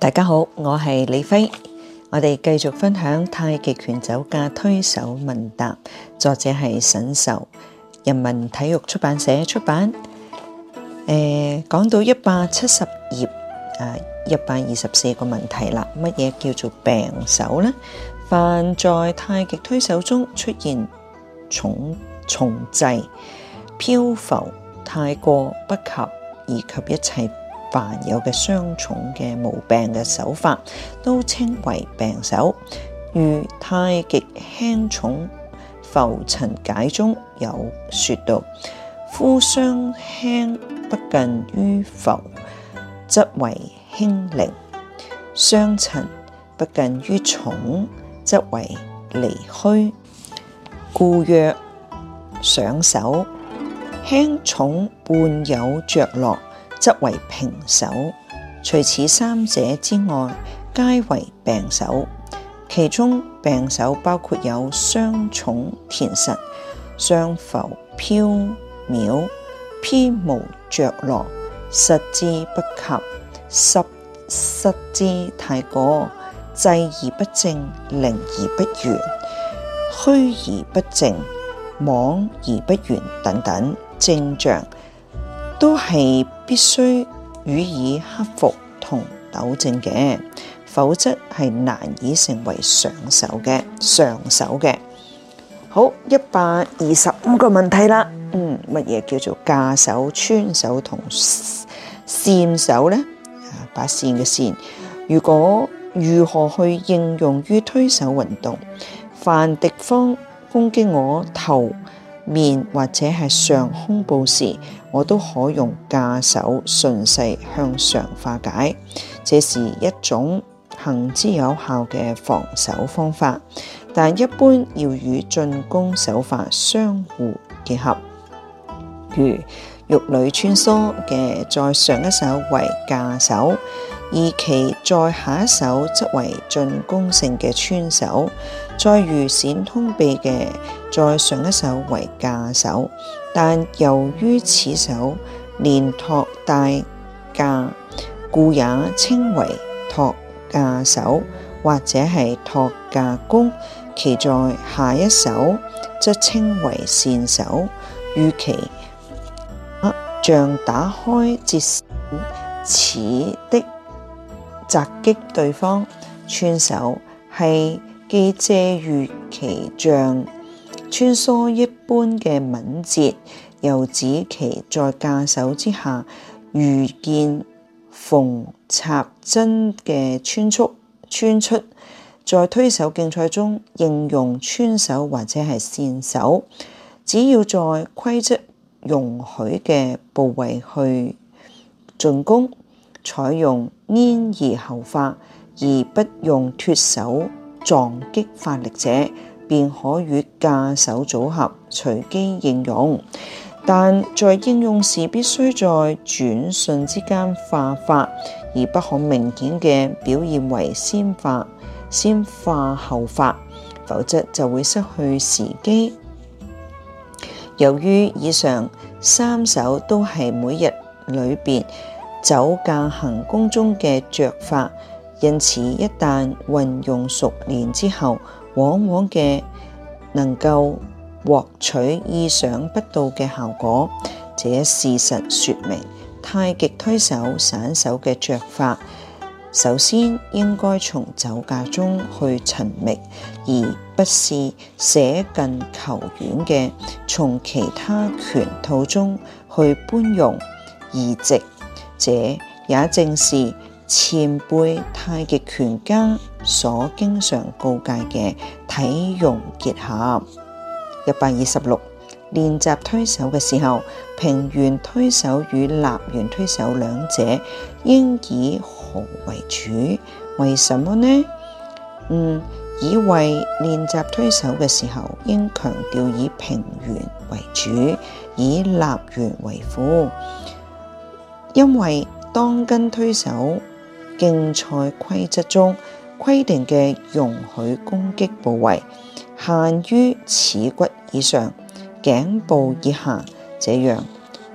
大家好，我係李輝，我哋繼續分享《太極拳走架推手問答》，作者係沈壽，人民體育出版社出版。誒，講到一百七十頁啊，一百二十四個問題啦。乜嘢叫做病手呢？凡在太極推手中出現重重滯、飄浮、太過不及，以及一切。凡有嘅雙重嘅毛病嘅手法，都稱為病手。如太極輕重浮沉解中有說到：夫雙輕不近於浮，則為輕靈；雙沉不近於重，則為離虛。故曰：上手輕重，半有着落。則為平手，除此三者之外，皆為病手。其中病手包括有雙重填實、雙浮飄渺、偏無着落、實之不及、實實之太過、滯而不正、靈而不圓、虛而不正、妄而不圓等等症象。都係必須予以克服同糾正嘅，否則係難以成為上手嘅上手嘅。好，一百二十五個問題啦。嗯，乜嘢叫做架手、穿手同線手呢？啊、把線嘅線。如果如何去應用於推手運動？凡敵方攻擊我頭面或者係上胸部時，我都可用架手順勢向上化解，這是一種行之有效嘅防守方法。但一般要與進攻手法相互結合，如玉女穿梭嘅，在上一手為架手，而其在下一手則為進攻性嘅穿手。再如閃通臂嘅再上一手為架手，但由於此手連托帶架，故也稱為托架手或者係托架弓。其在下一手則稱為扇手，與其、啊、像打開折扇似的襲擊對方穿手係。既借喻其像穿梭一般嘅敏捷，又指其在架手之下遇見縫插針嘅穿速穿出，在推手競賽中應用穿手或者係線手，只要在規則容許嘅部位去進攻，採用黏而後發，而不用脱手。撞擊發力者，便可與架手組合隨機應用，但在應用時必須在轉瞬之間化法，而不可明顯嘅表現為先化先化後法，否則就會失去時機。由於以上三手都係每日裏邊走架行功中嘅着法。因此，一旦運用熟練之後，往往嘅能夠獲取意想不到嘅效果。這事實說明，太極推手散手嘅着法，首先應該從走架中去尋覓，而不是捨近求遠嘅從其他拳套中去搬用移植。這也正是，前輩太極拳家所經常告誡嘅體用結合，一百二十六練習推手嘅時候，平圓推手與立圓推手兩者應以何為主？為什麼呢？嗯，以為練習推手嘅時候，應強調以平圓為主，以立圓為輔，因為當跟推手。競賽規則中規定嘅容許攻擊部位限於恥骨以上、頸部以下，這樣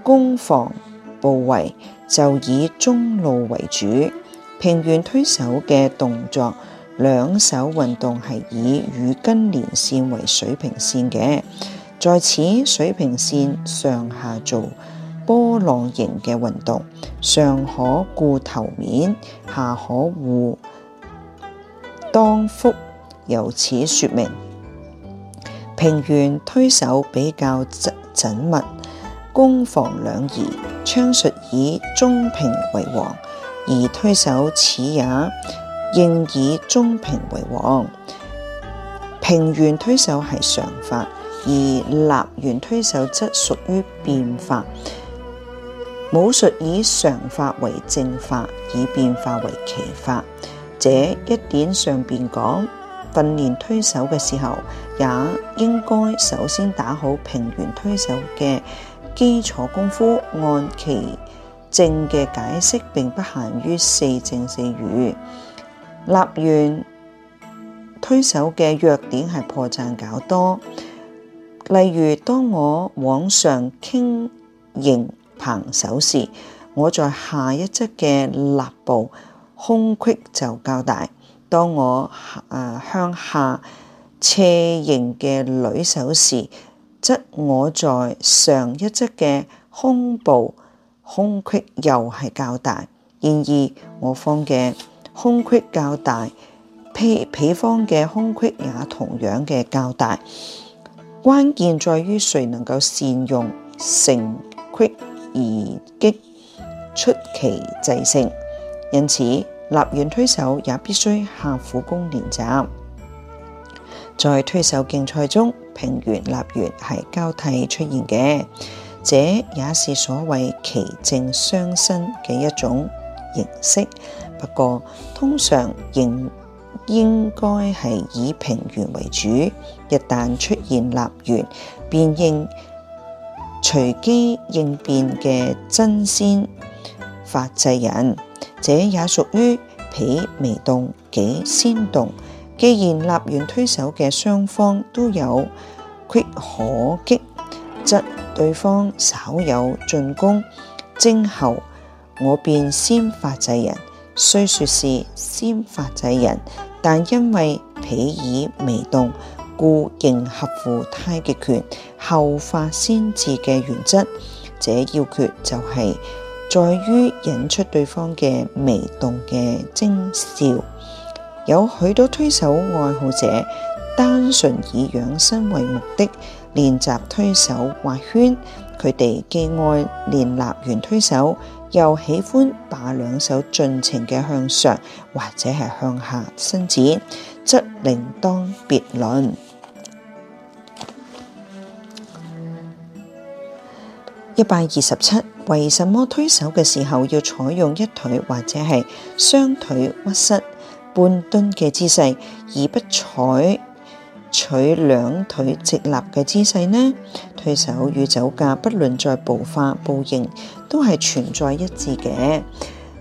攻防部位就以中路為主。平原推手嘅動作，兩手運動係以乳根連線為水平線嘅，在此水平線上下做。波浪形嘅運動，上可顧頭面，下可護當腹，由此說明平原推手比較縝密，攻防兩宜。槍術以中平為王，而推手此也應以中平為王。平原推手係常法，而立圓推手則屬於變法。武術以常法為正法，以變化為奇法。這一點上邊講，訓練推手嘅時候，也應該首先打好平原推手嘅基礎功夫。按其正嘅解釋，並不限於四正四隅。立圓推手嘅弱點係破綻較多，例如當我往上傾形。彭手時，我在下一側嘅肋部胸隙就較大。當我、呃、向下斜形嘅女手時，則我在上一側嘅胸部胸隙又係較大。然而，我方嘅胸隙較大，譬彼方嘅胸隙也同樣嘅較大。關鍵在於誰能夠善用成隙。而激出奇制勝，因此立圓推手也必須下苦功練習。在推手競賽中，平圓立圓係交替出現嘅，這也是所謂奇正相生嘅一種形式。不過，通常仍應該係以平圓為主，一旦出現立圓，便應，隨機應變嘅真，先發制人，這也屬於彼未動己先動。既然立圓推手嘅雙方都有隙可擊，則對方稍有進攻徵候，正後我便先發制人。雖說是先發制人，但因為彼已微動。故應合乎太極拳後發先至嘅原則，這要訣就係在於引出對方嘅微動嘅徵兆。有許多推手愛好者單純以養生為目的練習推手畫圈，佢哋既愛練立圓推手，又喜歡把兩手盡情嘅向上或者係向下伸展。則另當別論。一百二十七，為什麼推手嘅時候要採用一腿或者係雙腿屈膝半蹲嘅姿勢，而不採取兩腿直立嘅姿勢呢？推手與走架，不論在步法步型，都係存在一致嘅。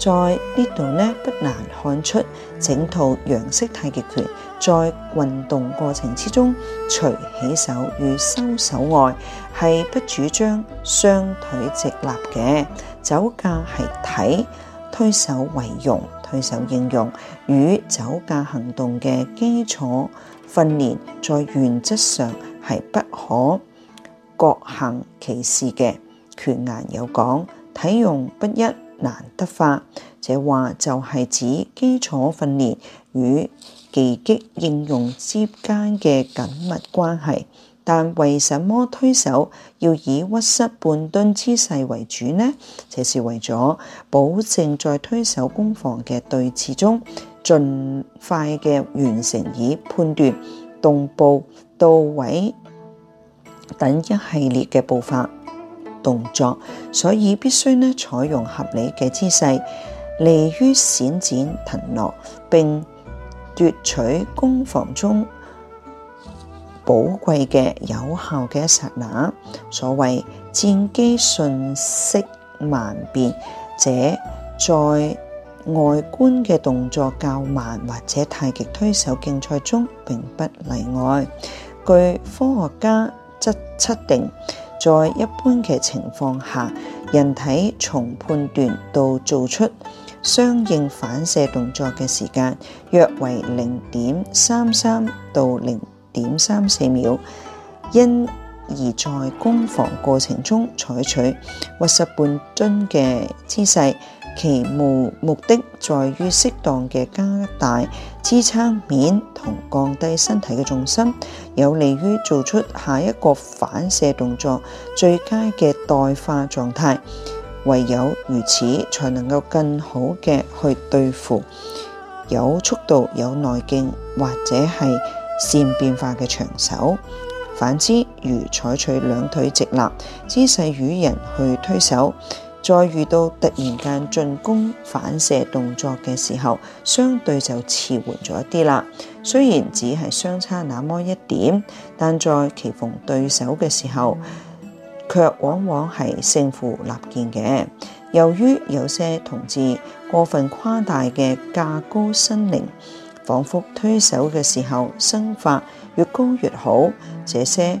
在呢度呢，不難看出整套楊式太極拳在運動過程之中，除起手與收手外，係不主張雙腿直立嘅。走架係體推手為用，推手應用與走架行動嘅基礎訓練，在原則上係不可各行其事嘅。拳諺有講，體用不一，難得化。這話就係指基礎訓練與技擊應用之間嘅緊密關係。但為什麼推手要以屈膝半蹲姿勢為主呢？這是為咗保證在推手攻防嘅對峙中，盡快嘅完成以判斷、動步、到位等一系列嘅步伐。動作，所以必須呢採用合理嘅姿勢，利於閃展騰挪，並奪取攻防中寶貴嘅有效嘅一剎那。所謂戰機瞬息萬變，這在外觀嘅動作較慢或者太極推手競賽中並不例外。據科學家則測定，在一般嘅情況下，人體從判斷到做出相應反射動作嘅時間約為零點三三到零點三四秒，因而，在攻防過程中採取屈膝半蹲嘅姿勢。其目目的在於適當嘅加大支撐面同降低身體嘅重心，有利於做出下一個反射動作最佳嘅代化狀態。唯有如此，才能夠更好嘅去對付有速度、有內勁或者係善變化嘅長手。反之，如採取兩腿直立姿勢與人去推手。再遇到突然間進攻反射動作嘅時候，相對就遲緩咗一啲啦。雖然只係相差那麼一點，但在棋逢對手嘅時候，卻往往係勝負立見嘅。由於有些同志過分誇大嘅架高身靈，彷彿推手嘅時候身法越高越好，這些。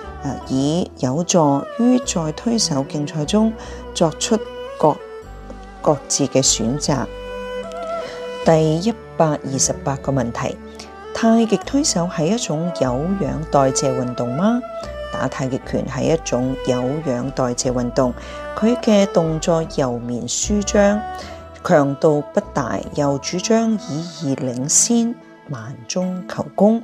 以有助於在推手競賽中作出各各自嘅選擇。第一百二十八個問題：太極推手係一種有氧代謝運動嗎？打太極拳係一種有氧代謝運動，佢嘅動作柔綿舒張，強度不大，又主張以意領先，慢中求功。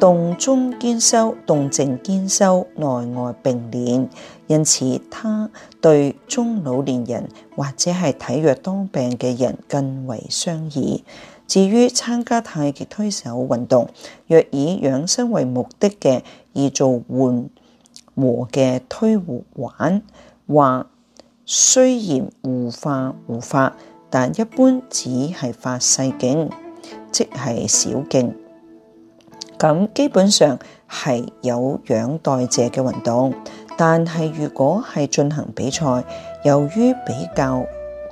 動中兼修、動靜兼修、內外併練，因此他對中老年人或者係體弱多病嘅人更為相宜。至於參加太極推手運動，若以養生為目的嘅，宜做緩和嘅推互玩，或雖然互化、互發，但一般只係發細勁，即係小勁。咁基本上係有氧代謝嘅運動，但係如果係進行比賽，由於比較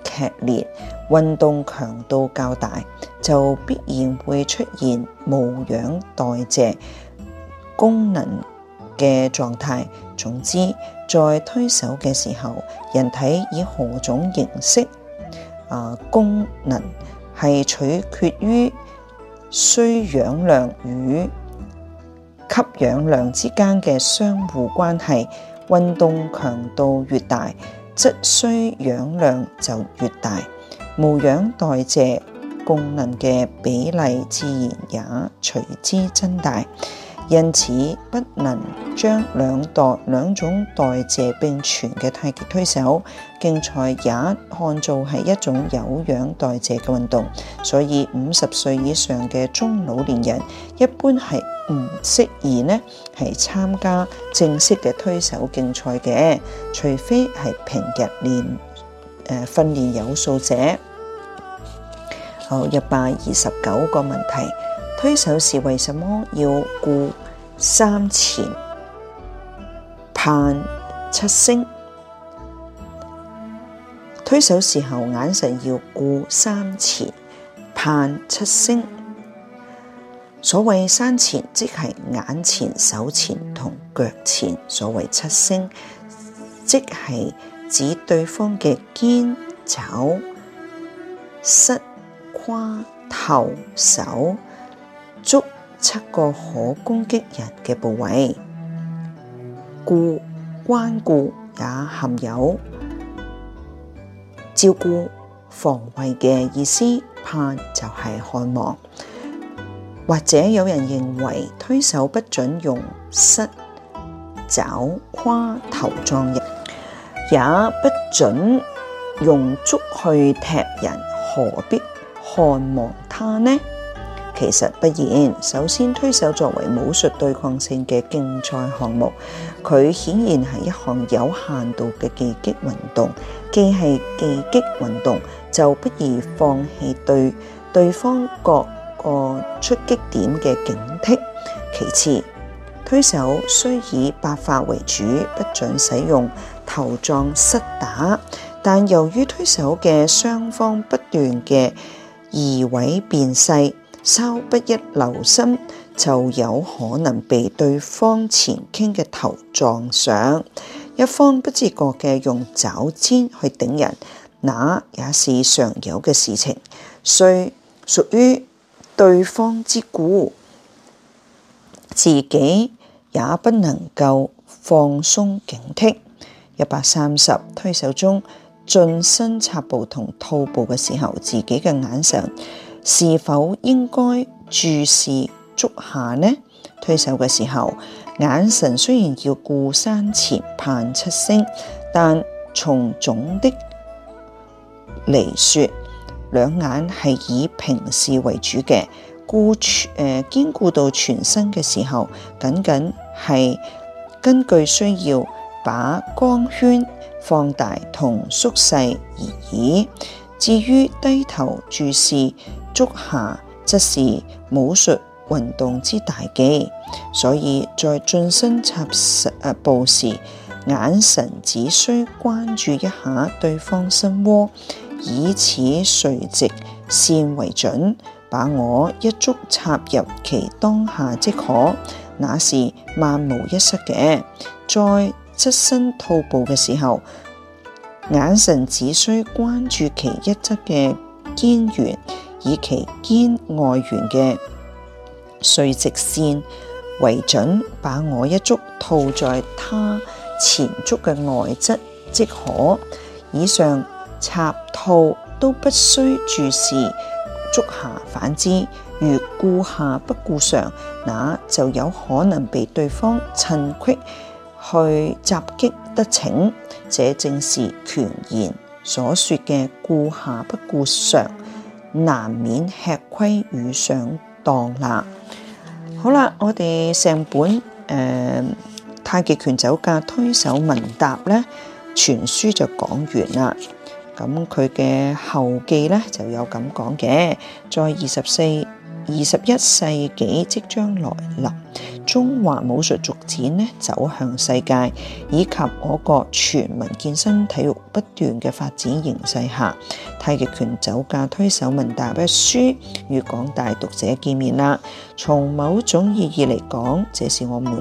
劇烈，運動強度較大，就必然會出現無氧代謝功能嘅狀態。總之，在推手嘅時候，人體以何種形式啊功能係取決於需氧量與。吸氧量之間嘅相互關係，運動強度越大，則需氧量就越大，無氧代謝供能嘅比例自然也隨之增大。因此，不能將兩代兩種代謝並存嘅太極推手競賽也看做係一種有氧代謝嘅運動。所以，五十歲以上嘅中老年人一般係唔適宜呢係參加正式嘅推手競賽嘅，除非係平日練誒訓練有素者。好，一百二十九個問題。推手時為什麼要顧三前，盼七星？推手時候眼神要顧三前，盼七星。所謂三前，即係眼前、手前同腳前；所謂七星，即係指對方嘅肩、肘、膝、胯、頭、手。足七個可攻擊人嘅部位，故關顧也含有照顧、防衛嘅意思。盼就係看望，或者有人認為推手不准用膝、肘、胯、頭撞人，也不准用足去踢人，何必看望他呢？其實不然。首先，推手作為武術對抗性嘅競賽項目，佢顯然係一項有限度嘅技擊運動。既係技擊運動，就不宜放棄對對方各個出擊點嘅警惕。其次，推手雖以八法為主，不准使用頭撞、膝打。但由於推手嘅雙方不斷嘅移位變勢。稍不一留心，就有可能被對方前傾嘅頭撞上；一方不自覺嘅用肘尖去頂人，那也是常有嘅事情，雖屬於對方之故，自己也不能夠放鬆警惕。一百三十推手中進身插步同吐步嘅時候，自己嘅眼神。是否應該注視足下呢？推手嘅時候，眼神雖然要顧山前盼七星，但從總的嚟説，兩眼係以平視為主嘅。顧誒兼、呃、兼顧到全身嘅時候，僅僅係根據需要把光圈放大同縮細而已。至於低頭注視足下則是武術運動之大忌，所以在進身插實步、啊、時，眼神只需關注一下對方心窩，以此垂直線為準，把我一足插入其當下即可，那是萬無一失嘅。在側身套步嘅時候，眼神只需關注其一側嘅肩緣。以其肩外緣嘅垂直線為準，把我一足套在他前足嘅外側即可。以上插套都不需注視足下，反之，如顧下不顧上，那就有可能被對方趁隙去襲擊得逞。這正是拳言所說嘅顧下不顧上。難免吃虧與上當啦。好啦，我哋成本誒、呃《太極拳酒家推手問答》咧，全書就講完啦。咁佢嘅後記咧就有咁講嘅，在二十四二十一世紀即將來臨，中華武術逐漸咧走向世界，以及我國全民健身體育不斷嘅發展形勢下，太極拳走架推手問答一書與廣大讀者見面啦。從某種意義嚟講，這是我們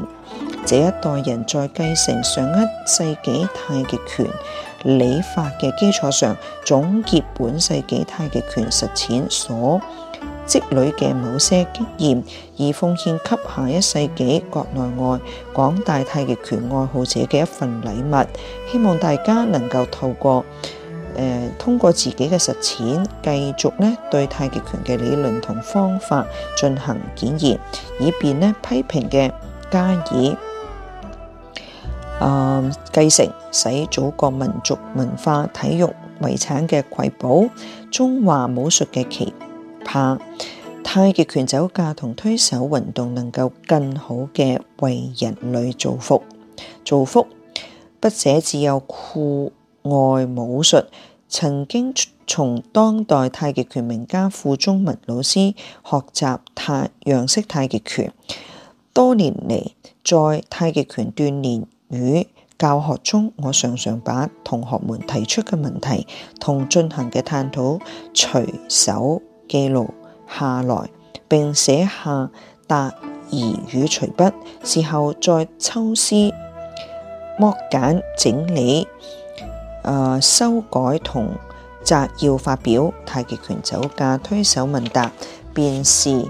這一代人在繼承上一世紀太極拳理法嘅基礎上，總結本世紀太極拳實踐所。積累嘅某些經驗，而奉獻給下一世紀國內外廣大太極拳愛好者嘅一份禮物。希望大家能夠透過誒，通過自己嘅實踐，繼續咧對太極拳嘅理論同方法進行檢驗，以便咧批評嘅加以誒繼承，使祖國民族文化體育遺產嘅瑰寶，中華武術嘅奇。拍太極拳走架同推手運動，能夠更好嘅為人類造福。造福，筆者自幼酷愛武術，曾經從當代太極拳名家傅鍾文老師學習太楊式太極拳。多年嚟，在太極拳鍛煉與教學中，我常常把同學們提出嘅問題同進行嘅探討，隨手。記錄下來，並寫下答疑與隨筆，事後再抽絲剝繭、整理、呃、修改同摘要發表。太極拳走架推手問答，便是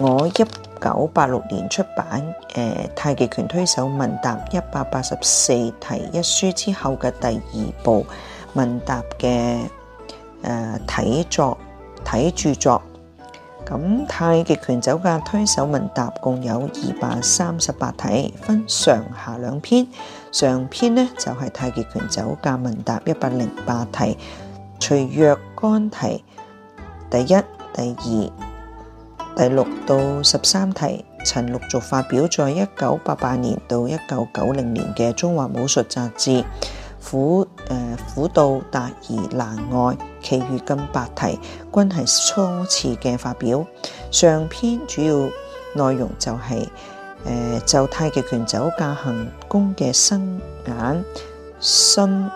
我一九八六年出版《誒、呃、太極拳推手問答一百八十四題》一書之後嘅第二部問答嘅。誒體、呃、作、體著作，咁太極拳走架推手問答共有二百三十八題，分上下兩篇。上篇呢，就係、是、太極拳走架問答一百零八題，除若干題，第一、第二、第六到十三題，曾陸續發表在一九八八年到一九九零年嘅《中華武術雜誌》。苦誒苦到達而難外，其餘近八題均係初次嘅發表。上篇主要內容就係誒就太極拳走架行功嘅身眼、身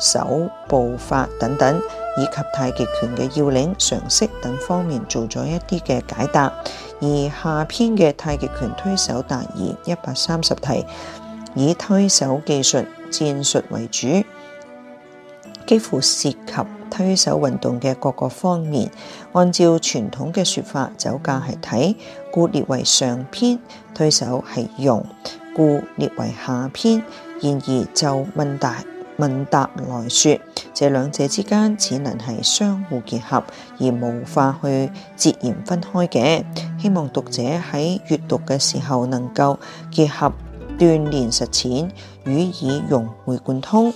手、步法等等，以及太極拳嘅要領、常識等方面做咗一啲嘅解答。而下篇嘅太極拳推手達而一百三十題，以推手技術戰術為主，幾乎涉及推手運動嘅各個方面。按照傳統嘅說法，走架係體，故列為上篇；推手係用，故列為下篇。然而就問答問答來說，這兩者之間只能係相互結合，而無法去截然分開嘅。希望讀者喺閱讀嘅時候能夠結合鍛煉實踐予以融會貫通。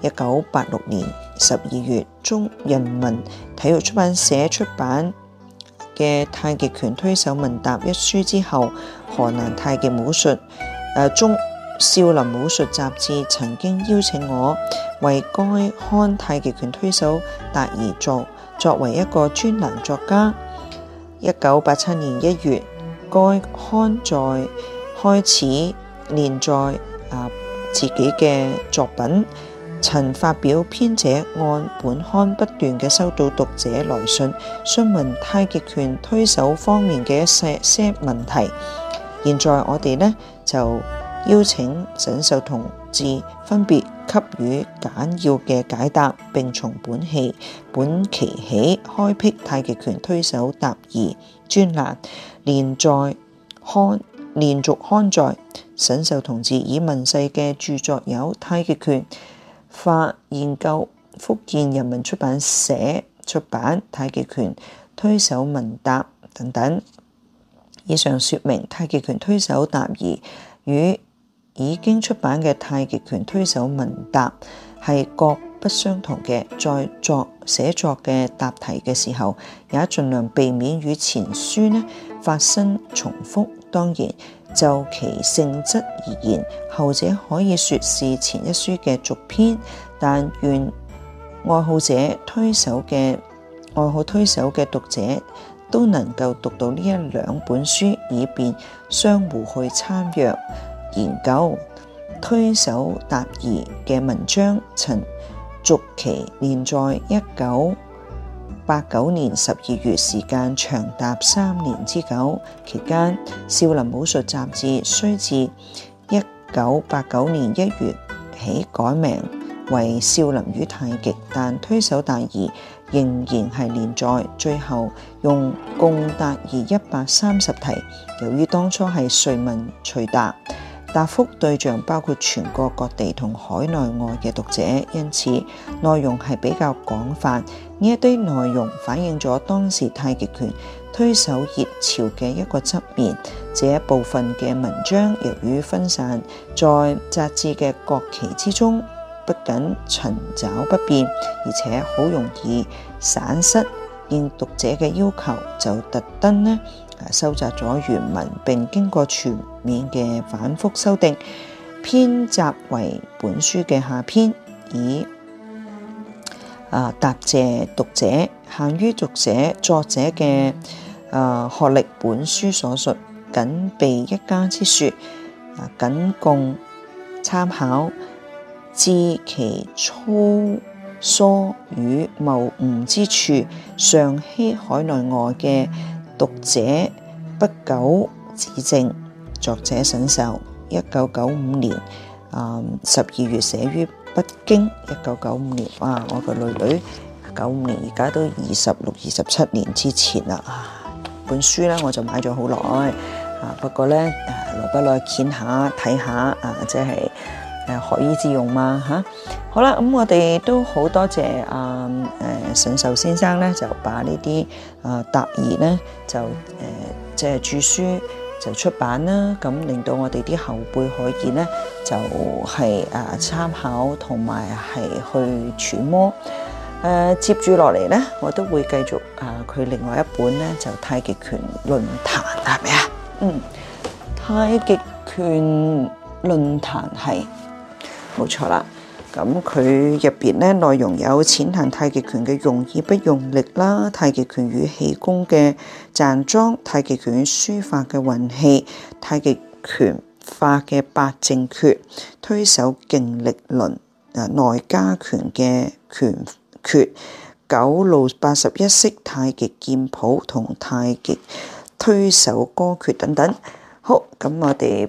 一九八六年十二月，中人民體育出版社出版嘅《太極拳推手問答》一書之後，河南太極武術誒中少林武術雜誌曾經邀請我為該刊太極拳推手達而作。作為一個專欄作家，一九八七年一月，該刊在開始。連載啊，自己嘅作品曾發表。編者按：本刊不斷嘅收到讀者來信，詢問太極拳推手方面嘅一些些問題。現在我哋呢就邀請沈秀同志分別給予簡要嘅解答，並從本戲，本期起開闢太極拳推手答疑專欄，連載刊連續刊載。沈壽同志已問世嘅著作有《太極拳法研究》，福建人民出版社出版《太極拳推手問答》等等。以上說明《太極拳推手答疑》與已經出版嘅《太極拳推手問答》係各不相同嘅，在作寫作嘅答題嘅時候，也盡量避免與前書呢發生重複。當然。就其性質而言，後者可以說是前一書嘅續篇，但願愛好者推手嘅愛好推手嘅讀者都能夠讀到呢一兩本書，以便相互去參閱研究推手答疑嘅文章，曾逐期連載一九八九年十二月，時間長達三年之久，期間少林武術雜誌雖自一九八九年一月起改名為少林與太極，但推手大義仍然係連載，最後用共達二一百三十題。由於當初係隨問隨答。答覆對象包括全國各地同海內外嘅讀者，因此內容係比較廣泛。呢一堆內容反映咗當時太極拳推手熱潮嘅一個側面。這一部分嘅文章由於分散在雜誌嘅各期之中，不僅尋找不便，而且好容易散失。見讀者嘅要求，就特登咧收集咗原文，並經過全面嘅反覆修訂，編集為本書嘅下篇，以啊答謝讀者。限於讀者作者嘅啊學歷，本書所述僅備一家之說，僅供參考，至其粗疏與謬誤之處，尚希海內外嘅讀者不久指正。作者沈壽，一九九五年啊十二月寫於北京。一九九五年啊，我個女女九五年，而家都二十六、二十七年之前啦。本書咧，我就買咗好耐啊，不過咧，誒來不來見下睇下啊，即係。誒，學以致用嘛，吓、啊，好啦，咁、嗯、我哋都好多謝阿誒、啊呃、神秀先生咧，就把、啊、呢啲誒答疑咧，就誒即係著書，就出版啦，咁、嗯、令到我哋啲後輩可以咧，就係誒參考，同埋係去揣摩。誒、啊，接住落嚟咧，我都會繼續啊，佢另外一本咧就太極拳論壇係咪啊？嗯，太極拳論壇係。冇錯啦，咁佢入邊呢內容有淺談太極拳嘅用意不用力啦，太極拳與氣功嘅站樁，太極拳書法嘅運氣，太極拳法嘅八正訣，推手勁力論，啊內家拳嘅拳訣，九路八十一式太極劍譜同太極推手歌訣等等。好，咁我哋。